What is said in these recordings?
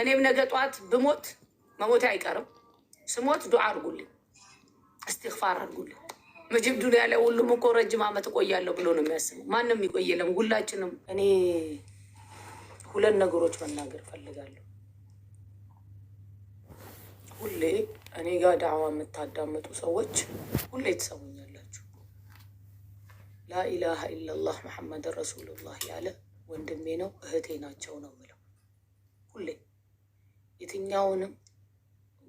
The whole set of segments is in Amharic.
እኔም ነገ ጠዋት ብሞት መሞቴ አይቀርም። ስሞት ዱዓ አድርጉልኝ፣ እስትግፋር አድርጉልኝ። መጅብ ዱንያ ላይ ሁሉም እኮ ረጅም ዓመት እቆያለሁ ብሎ ነው የሚያስበው። ማንም ይቆየለም፣ ሁላችንም። እኔ ሁለት ነገሮች መናገር ፈልጋለሁ። ሁሌ እኔ ጋር ዳዕዋ የምታዳምጡ ሰዎች ሁሌ ትሰሙኛላችሁ። ላኢላሀ ኢለላህ መሐመድ ረሱሉላህ ያለ ወንድሜ ነው እህቴ ናቸው ነው ምለው ሁሌ የትኛውንም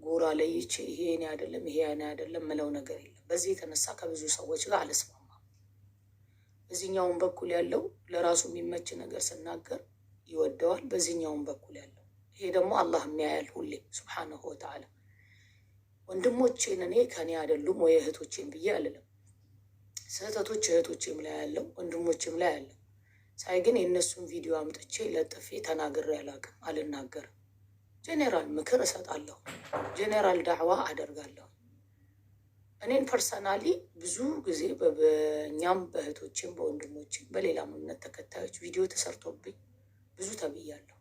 ጎራ ለይቼ ይሄ እኔ አይደለም ይሄ እኔ አይደለም ምለው ነገር የለም። በዚህ የተነሳ ከብዙ ሰዎች ጋር አልስማማም። በዚህኛውን በኩል ያለው ለራሱ የሚመች ነገር ስናገር ይወደዋል፣ በዚህኛውን በኩል ያለው ይሄ ደግሞ አላህ የሚያያል ሁሌ ሱብሓነሁ ወተዓላ። ወንድሞቼን እኔ ከእኔ አይደሉም ወይ እህቶቼን ብዬ አልልም። ስህተቶች እህቶቼም ላይ ያለው ወንድሞቼም ላይ ያለው ሳይ ግን የእነሱን ቪዲዮ አምጥቼ ለጥፌ ተናግሬ አላውቅም፣ አልናገርም። ጄኔራል ምክር እሰጣለሁ፣ ጄኔራል ዳዕዋ አደርጋለሁ። እኔን ፐርሰናሊ ብዙ ጊዜ በእኛም በእህቶችም በወንድሞችም በሌላም እምነት ተከታዮች ቪዲዮ ተሰርቶብኝ ብዙ ተብያለሁ።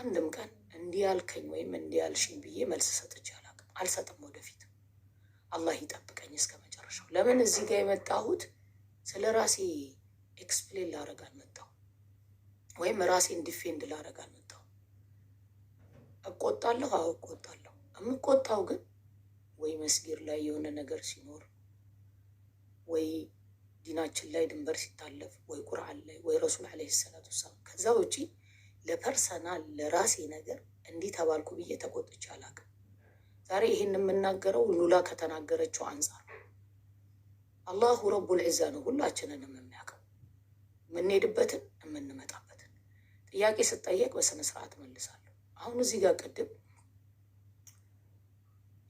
አንድም ቀን እንዲህ ያልከኝ ወይም እንዲህ ያልሽኝ ብዬ መልስ ሰጥቼ አላውቅም፣ አልሰጥም። ወደፊት አላህ ይጠብቀኝ እስከ መጨረሻው። ለምን እዚህ ጋር የመጣሁት ስለ ራሴ ኤክስፕሌን ላረግ አልመጣሁም፣ ወይም ራሴን ዲፌንድ ላረግ አልመጣሁም። እቆጣለሁ። አዎ እቆጣለሁ። የምቆጣው ግን ወይ መስጊድ ላይ የሆነ ነገር ሲኖር ወይ ዲናችን ላይ ድንበር ሲታለፍ ወይ ቁርአን ላይ ወይ ረሱል ዓለይሂ ሰላቱ ወሰላም። ከዛ ውጪ ለፐርሰናል ለራሴ ነገር እንዲህ ተባልኩ ብዬ ተቆጥቼ አላውቅም። ዛሬ ይህን የምናገረው ሉላ ከተናገረችው አንጻር አላሁ ረቡል ዒዛ ነው ሁላችንንም የሚያውቀው የምንሄድበትን የምንመጣበትን። ጥያቄ ስጠየቅ በስነ ስርዓት መልስ አሁን እዚህ ጋር ቅድም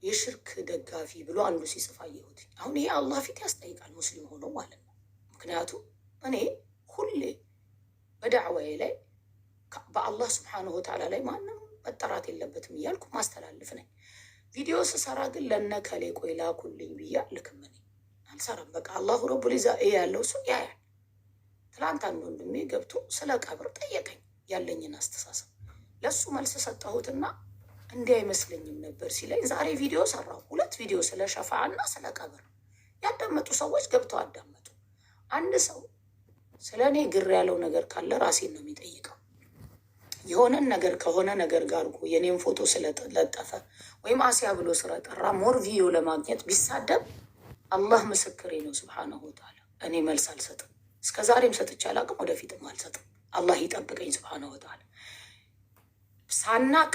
የሽርክ ደጋፊ ብሎ አንዱ ሲጽፍ አየሁት። አሁን ይሄ አላህ ፊት ያስጠይቃል ሙስሊም ሆኖ ማለት ነው። ምክንያቱም እኔ ሁሌ በዳዕዋዬ ላይ በአላህ ስብሓነሁ ወተዓላ ላይ ማንም መጠራት የለበትም እያልኩ ማስተላልፍ ነኝ። ቪዲዮ ስሰራ ግን ለነከሌ ቆይ ላኩልኝ ብዬ አልክም። አልሰራም። በቃ አላሁ ረቡል ያለው እሱ ያያል። ትላንት አንድ ወንድሜ ገብቶ ስለ ቀብር ጠየቀኝ ያለኝን አስተሳሰብ ለሱ መልስ ሰጠሁትና እንዲህ አይመስለኝም ነበር ሲለኝ፣ ዛሬ ቪዲዮ ሰራሁ። ሁለት ቪዲዮ ስለ ሸፋ እና ስለ ቀብር ያዳመጡ ሰዎች ገብተው አዳመጡ። አንድ ሰው ስለ እኔ ግር ያለው ነገር ካለ ራሴን ነው የሚጠይቀው። የሆነን ነገር ከሆነ ነገር ጋር እኮ የኔም ፎቶ ስለለጠፈ ወይም አሲያ ብሎ ስለጠራ ሞር ቪዲዮ ለማግኘት ቢሳደብ አላህ ምስክሬ ነው ስብሓነሁ ወተዓላ። እኔ መልስ አልሰጥም፣ እስከ ዛሬም ሰጥቼ አላቅም፣ ወደፊትም አልሰጥም። አላህ ይጠብቀኝ ስብሓነሁ ወተዓላ። ሳናቅ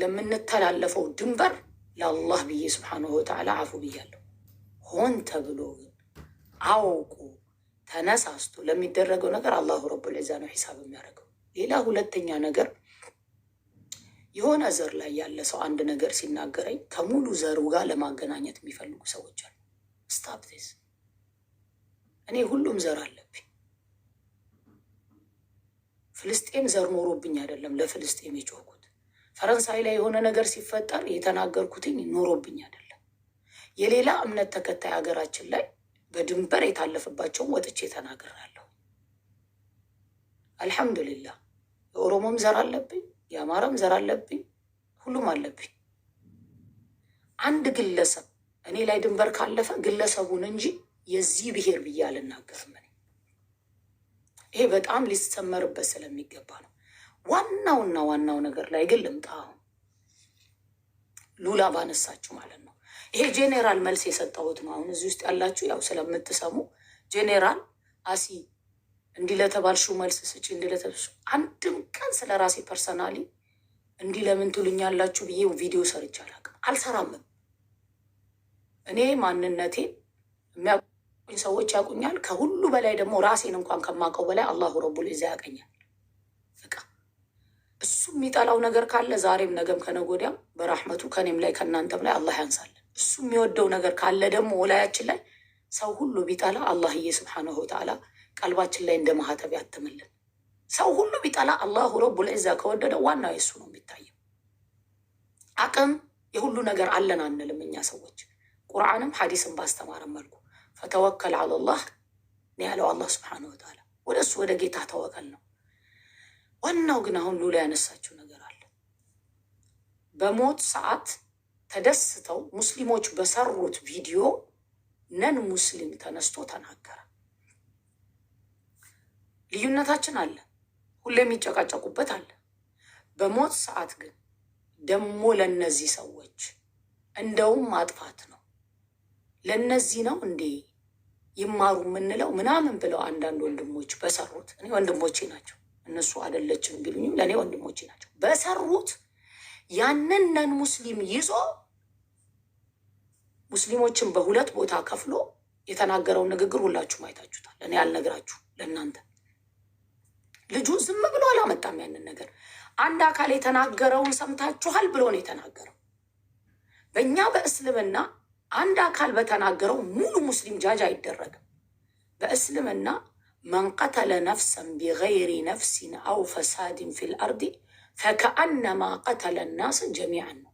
ለምንተላለፈው ድንበር ለአላህ ብዬ ስብሓንሁ ወተዓላ አፉ ብያለሁ። ሆን ተብሎ ግን አውቁ ተነሳስቶ ለሚደረገው ነገር አላሁ ረቡል ዒዛ ነው ሒሳብ የሚያደርገው። ሌላ ሁለተኛ ነገር የሆነ ዘር ላይ ያለ ሰው አንድ ነገር ሲናገረኝ ከሙሉ ዘሩ ጋር ለማገናኘት የሚፈልጉ ሰዎች አሉ። ስታፕቴስ እኔ ሁሉም ዘር አለብኝ። ፍልስጤም ዘር ኖሮብኝ አይደለም ለፍልስጤም የጮኩ ፈረንሳይ ላይ የሆነ ነገር ሲፈጠር የተናገርኩትኝ ኖሮብኝ አይደለም። የሌላ እምነት ተከታይ ሀገራችን ላይ በድንበር የታለፈባቸውን ወጥቼ ተናግሬያለሁ። አልሐምዱሊላህ የኦሮሞም ዘር አለብኝ፣ የአማራም ዘር አለብኝ፣ ሁሉም አለብኝ። አንድ ግለሰብ እኔ ላይ ድንበር ካለፈ ግለሰቡን እንጂ የዚህ ብሔር ብዬ አልናገርም። ይሄ በጣም ሊሰመርበት ስለሚገባ ነው። ዋናውና ዋናው ነገር ላይ ግን ልምጣ። ሉላ ባነሳችሁ ማለት ነው። ይሄ ጄኔራል መልስ የሰጠሁት ነው። አሁን እዚህ ውስጥ ያላችሁ ያው ስለምትሰሙ ጄኔራል አሲ እንዲህ ለተባልሽው መልስ ስጪ፣ እንዲህ ለተብሱ አንድም ቀን ስለ ራሴ ፐርሰናሊ እንዲህ ለምን ትሉኛላችሁ ብዬ ቪዲዮ ሰርቼ አላውቅም፣ አልሰራምም። እኔ ማንነቴን የሚያውቁኝ ሰዎች ያውቁኛል። ከሁሉ በላይ ደግሞ ራሴን እንኳን ከማውቀው በላይ አላሁ ረቡል ዛ ያውቀኛል። በቃ እሱ የሚጠላው ነገር ካለ ዛሬም ነገም ከነጎዲያም በራህመቱ ከኔም ላይ ከእናንተም ላይ አላህ ያንሳለን። እሱ የሚወደው ነገር ካለ ደግሞ ወላያችን ላይ ሰው ሁሉ ቢጠላ አላህዬ ስብሓነሁ ወተዓላ ቀልባችን ላይ እንደ ማህተብ ያትምልን። ሰው ሁሉ ቢጠላ አላሁ ረቡል ዒዛ ከወደደ ዋናው የሱ ነው የሚታየው። አቅም የሁሉ ነገር አለን አንልም እኛ ሰዎች። ቁርአንም ሐዲስም ባስተማረ መልኩ ፈተወከል አለላህ ያለው አላህ ስብሓነሁ ወተዓላ። ወደ እሱ ወደ ጌታ ተወቀል ነው። ዋናው ግን አሁን ሉላ ያነሳችው ነገር አለ። በሞት ሰዓት ተደስተው ሙስሊሞች በሰሩት ቪዲዮ ነን ሙስሊም ተነስቶ ተናገረ። ልዩነታችን አለ፣ ሁሌ የሚጨቃጨቁበት አለ። በሞት ሰዓት ግን ደግሞ ለነዚህ ሰዎች እንደውም ማጥፋት ነው። ለነዚህ ነው እንዴ ይማሩ የምንለው ምናምን ብለው አንዳንድ ወንድሞች በሰሩት እኔ ወንድሞቼ ናቸው እነሱ አይደለችም ቢሉኝም ለእኔ ወንድሞቼ ናቸው። በሰሩት ያንን ነን ሙስሊም ይዞ ሙስሊሞችን በሁለት ቦታ ከፍሎ የተናገረውን ንግግር ሁላችሁ ማየታችሁታል እኔ ያልነግራችሁ ለእናንተ ልጁ ዝም ብሎ አላመጣም። ያንን ነገር አንድ አካል የተናገረውን ሰምታችኋል ብሎ ነው የተናገረው። በእኛ በእስልምና አንድ አካል በተናገረው ሙሉ ሙስሊም ጃጅ አይደረግም። በእስልምና መን ቀተለ ነፍሰን ቢገይሪ ነፍሲን አው ፈሳድን ፊል አርዲ ፈከአነማ ቀተለ ናስ ጀሚዐን ነው።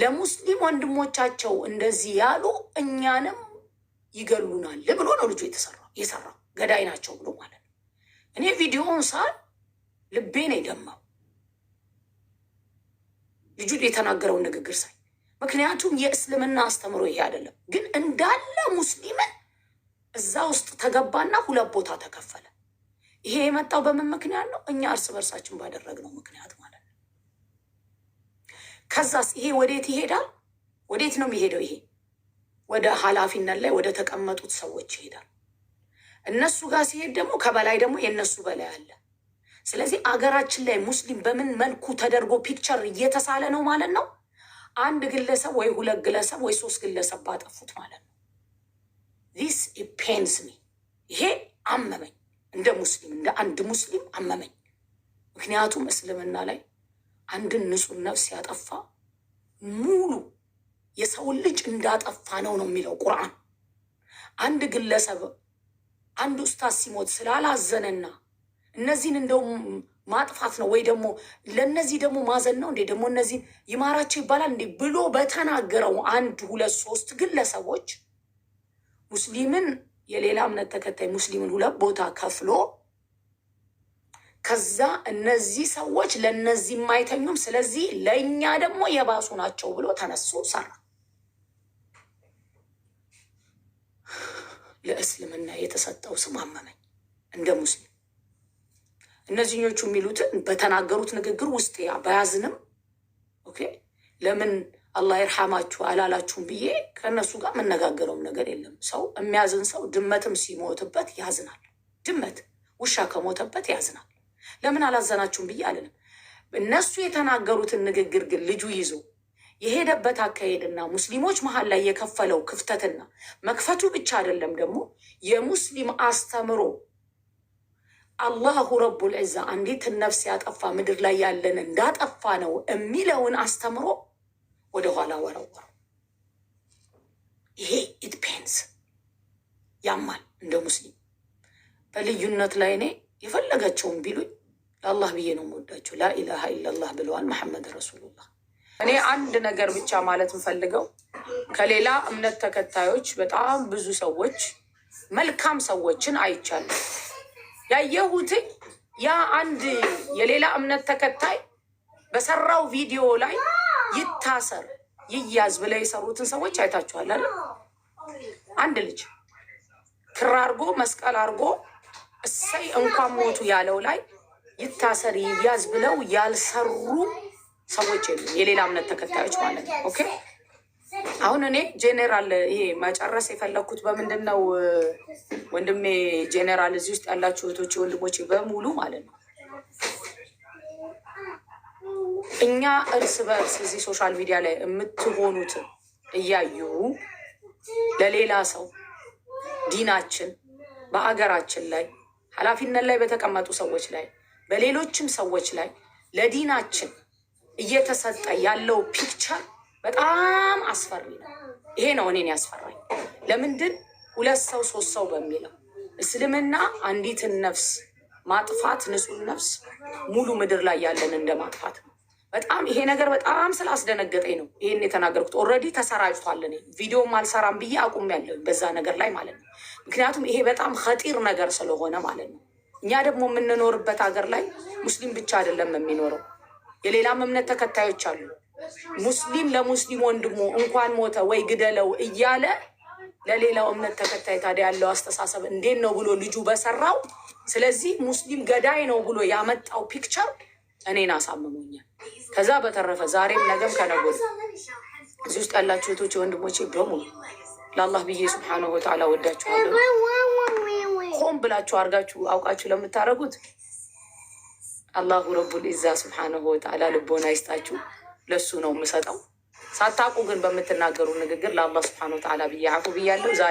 ለሙስሊም ወንድሞቻቸው እንደዚህ ያሉ እኛንም ይገሉናል ብሎ ነው ልጁ የተሰራ የሰራ ገዳይ ናቸው ብሎ ማለት ነው። እኔ ቪዲዮውን ሳል ልቤ ነው የደማው ልጁ የተናገረውን ንግግር ሳይ፣ ምክንያቱም የእስልምና አስተምሮ ይሄ አይደለም። ግን እንዳለ ሙስሊምን እዛ ውስጥ ተገባና ሁለት ቦታ ተከፈለ። ይሄ የመጣው በምን ምክንያት ነው? እኛ እርስ በርሳችን ባደረግነው ምክንያት ማለት ነው። ከዛስ ይሄ ወዴት ይሄዳል? ወዴት ነው የሚሄደው? ይሄ ወደ ኃላፊነት ላይ ወደ ተቀመጡት ሰዎች ይሄዳል። እነሱ ጋር ሲሄድ ደግሞ ከበላይ ደግሞ የእነሱ በላይ አለ። ስለዚህ አገራችን ላይ ሙስሊም በምን መልኩ ተደርጎ ፒክቸር እየተሳለ ነው ማለት ነው። አንድ ግለሰብ ወይ ሁለት ግለሰብ ወይ ሶስት ግለሰብ ባጠፉት ማለት ነው። ዚስ ፔንስ ሚ፣ ይሄ አመመኝ። እንደ ሙስሊም እንደ አንድ ሙስሊም አመመኝ። ምክንያቱም እስልምና ላይ አንድን ንጹህ ነፍስ ያጠፋ ሙሉ የሰውን ልጅ እንዳጠፋ ነው ነው የሚለው ቁርአን። አንድ ግለሰብ አንድ ኡስታዝ ሲሞት ስላላዘነና እነዚህን እንደውም ማጥፋት ነው ወይ ደግሞ ለእነዚህ ደግሞ ማዘን ነው እንዴ ደግሞ እነዚህን ይማራቸው ይባላል እንዴ ብሎ በተናገረው አንድ ሁለት ሶስት ግለሰቦች ሙስሊምን የሌላ እምነት ተከታይ ሙስሊምን ሁለት ቦታ ከፍሎ ከዛ እነዚህ ሰዎች ለእነዚህ የማይተኙም፣ ስለዚህ ለእኛ ደግሞ የባሱ ናቸው ብሎ ተነሶ ሰራ። ለእስልምና የተሰጠው ስም አመመኝ እንደ ሙስሊም። እነዚህኞቹ የሚሉትን በተናገሩት ንግግር ውስጥ ያ በያዝንም ኦኬ ለምን አላህ ይርሐማችሁ አላላችሁም ብዬ ከእነሱ ጋር የምነጋገረውም ነገር የለም። ሰው የሚያዝን ሰው ድመትም ሲሞትበት ያዝናል። ድመት ውሻ ከሞተበት ያዝናል። ለምን አላዘናችሁም ብዬ አልልም። እነሱ የተናገሩትን ንግግር ግን ልጁ ይዞ የሄደበት አካሄድና ሙስሊሞች መሀል ላይ የከፈለው ክፍተትና መክፈቱ ብቻ አይደለም ደግሞ የሙስሊም አስተምሮ አላሁ ረቡል ዒዛ አንዲትን ነፍስ ያጠፋ ምድር ላይ ያለን እንዳጠፋ ነው የሚለውን አስተምሮ ሆነ ይሄ ኢትፔንስ ያማል። እንደ ሙስሊም በልዩነት ላይ እኔ የፈለጋቸውን ቢሉኝ ለአላህ ብዬ ነው የምወዳቸው። ላኢላሃ ኢላላህ ብለዋል መሐመድ ረሱሉላህ። እኔ አንድ ነገር ብቻ ማለት የምፈልገው ከሌላ እምነት ተከታዮች በጣም ብዙ ሰዎች መልካም ሰዎችን አይቻሉ ያየሁትኝ ያ አንድ የሌላ እምነት ተከታይ በሰራው ቪዲዮ ላይ ይታሰር ይያዝ ብለው የሰሩትን ሰዎች አይታችኋል አይደል? አንድ ልጅ ክር አርጎ መስቀል አርጎ እሰይ እንኳን ሞቱ ያለው ላይ ይታሰር ይያዝ ብለው ያልሰሩ ሰዎች የሉም። የሌላ እምነት ተከታዮች ማለት ነው። ኦኬ አሁን እኔ ጄኔራል ይሄ መጨረስ የፈለግኩት በምንድን ነው ወንድሜ ጄኔራል፣ እዚህ ውስጥ ያላችሁ እህቶች ወንድሞች በሙሉ ማለት ነው እኛ እርስ በእርስ እዚህ ሶሻል ሚዲያ ላይ የምትሆኑት እያዩ ለሌላ ሰው ዲናችን በአገራችን ላይ ኃላፊነት ላይ በተቀመጡ ሰዎች ላይ በሌሎችም ሰዎች ላይ ለዲናችን እየተሰጠ ያለው ፒክቸር በጣም አስፈሪ ነው። ይሄ ነው እኔን ያስፈራኝ። ለምንድን ሁለት ሰው ሶስት ሰው በሚለው እስልምና አንዲትን ነፍስ ማጥፋት ንጹህ ነፍስ ሙሉ ምድር ላይ ያለን እንደ ማጥፋት ነው። በጣም ይሄ ነገር በጣም ስላስደነገጠኝ ነው ይህን የተናገርኩት። ኦልሬዲ ተሰራጭቷል። እኔ ቪዲዮም አልሰራም ብዬ አቁሜያለሁ በዛ ነገር ላይ ማለት ነው። ምክንያቱም ይሄ በጣም ኸጢር ነገር ስለሆነ ማለት ነው። እኛ ደግሞ የምንኖርበት ሀገር ላይ ሙስሊም ብቻ አይደለም የሚኖረው፣ የሌላም እምነት ተከታዮች አሉ። ሙስሊም ለሙስሊም ወንድሙ እንኳን ሞተ ወይ ግደለው እያለ ለሌላው እምነት ተከታይ ታዲያ ያለው አስተሳሰብ እንዴት ነው ብሎ ልጁ በሰራው ስለዚህ ሙስሊም ገዳይ ነው ብሎ ያመጣው ፒክቸር እኔን አሳምሞኛል። ከዛ በተረፈ ዛሬም ነገም ከነጎ እዚህ ውስጥ ያላችሁ እህቶች ወንድሞቼ በሙሉ ለአላህ ብዬ ስብሓነሁ ወተዓላ ወዳችኋለሁ። ሆን ብላችሁ አርጋችሁ አውቃችሁ ለምታደርጉት አላሁ ረቡል ኢዛ ስብሓነሁ ወተዓላ ልቦና ይስጣችሁ። ለሱ ነው የምሰጠው። ሳታውቁ ግን በምትናገሩ ንግግር ለአላህ ስብሓነሁ ወተዓላ ብዬ አፉ ብያለሁ።